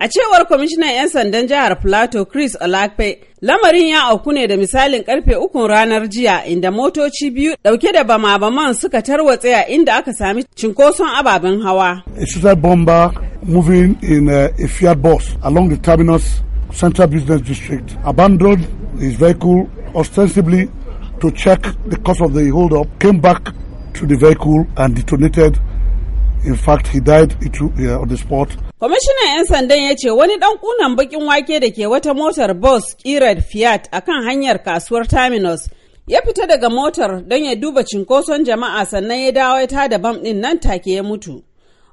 A cewar kwamishinan 'yan sandan jihar Plateau Chris Olakpe, lamarin ya auku ne da misalin karfe ukun ranar jiya inda motoci biyu dauke da bama-baman suka tarwatse a inda aka sami cinkoson ababen hawa. A suicide bomber moving in a, Fiat bus along the terminus Central Business District abandoned his vehicle ostensibly to check the cause of the holdup, came back to the vehicle and detonated in fact he died uh, on the spot kwamishinan 'yan sandan ya ce wani dan kunan bakin wake da ke wata motar bus kirar fiat a kan hanyar kasuwar terminus ya fita daga motar don ya duba cinkoson jama'a sannan ya dawo ta da bam din nan take ya mutu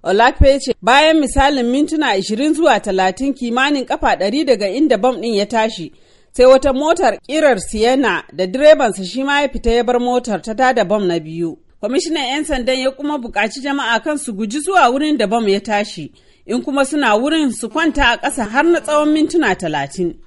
Olakpe ce bayan misalin mintuna 20 zuwa 30 kimanin kafa 100 daga inda bam din ya tashi sai wata motar kirar siena da direbansa shi ma ya fita ya bar motar ta da bam na biyu kwamishinan 'yan sandan ya kuma buƙaci jama'a kan su guji zuwa wurin da bam ya tashi in kuma suna wurin su kwanta a ƙasa har na tsawon mintuna talatin.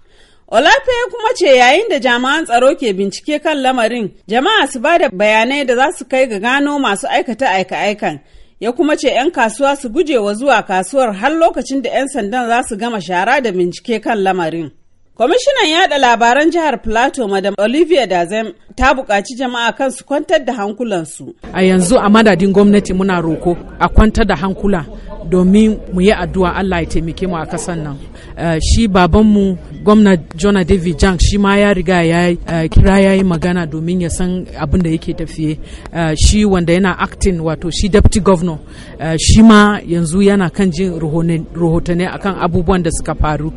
Olafe kuma ce yayin da jami'an tsaro ke bincike kan lamarin jama'a su ba da bayanai da za su kai ga gano masu aikata aika-aikan ya kuma ce 'yan kasuwa su guje wa zuwa kasuwar har lokacin da 'yan sandan za su gama shara da bincike kan lamarin. Kwamishinan yada labaran jihar Plateau Madam Olivia Dazem ta buƙaci jama'a kan su kwantar da hankulansu. A yanzu a madadin gwamnati muna roko a kwantar da hankula domin mu yi addu'a Allah ya taimake mu a kasan nan eh, shi babanmu gwamna Jona David Jank shi ma ya riga ya eh, kira ya yi magana domin ya san abin da yake tafiye eh, shi wanda yana acting wato shi deputy governor shi ma yanzu yana kan jin rahotanni akan abubuwan da suka faru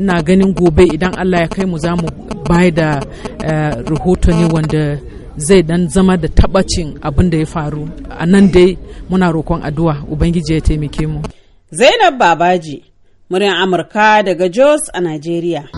na ganin gobe idan Allah ya kai mu za mu bai da rahotanni wanda zai dan zama da tabacin abin da ya faru a nan dai muna roƙon addu'a ubangiji ya taimake mu zainab babaji muryar amurka daga jos a najeriya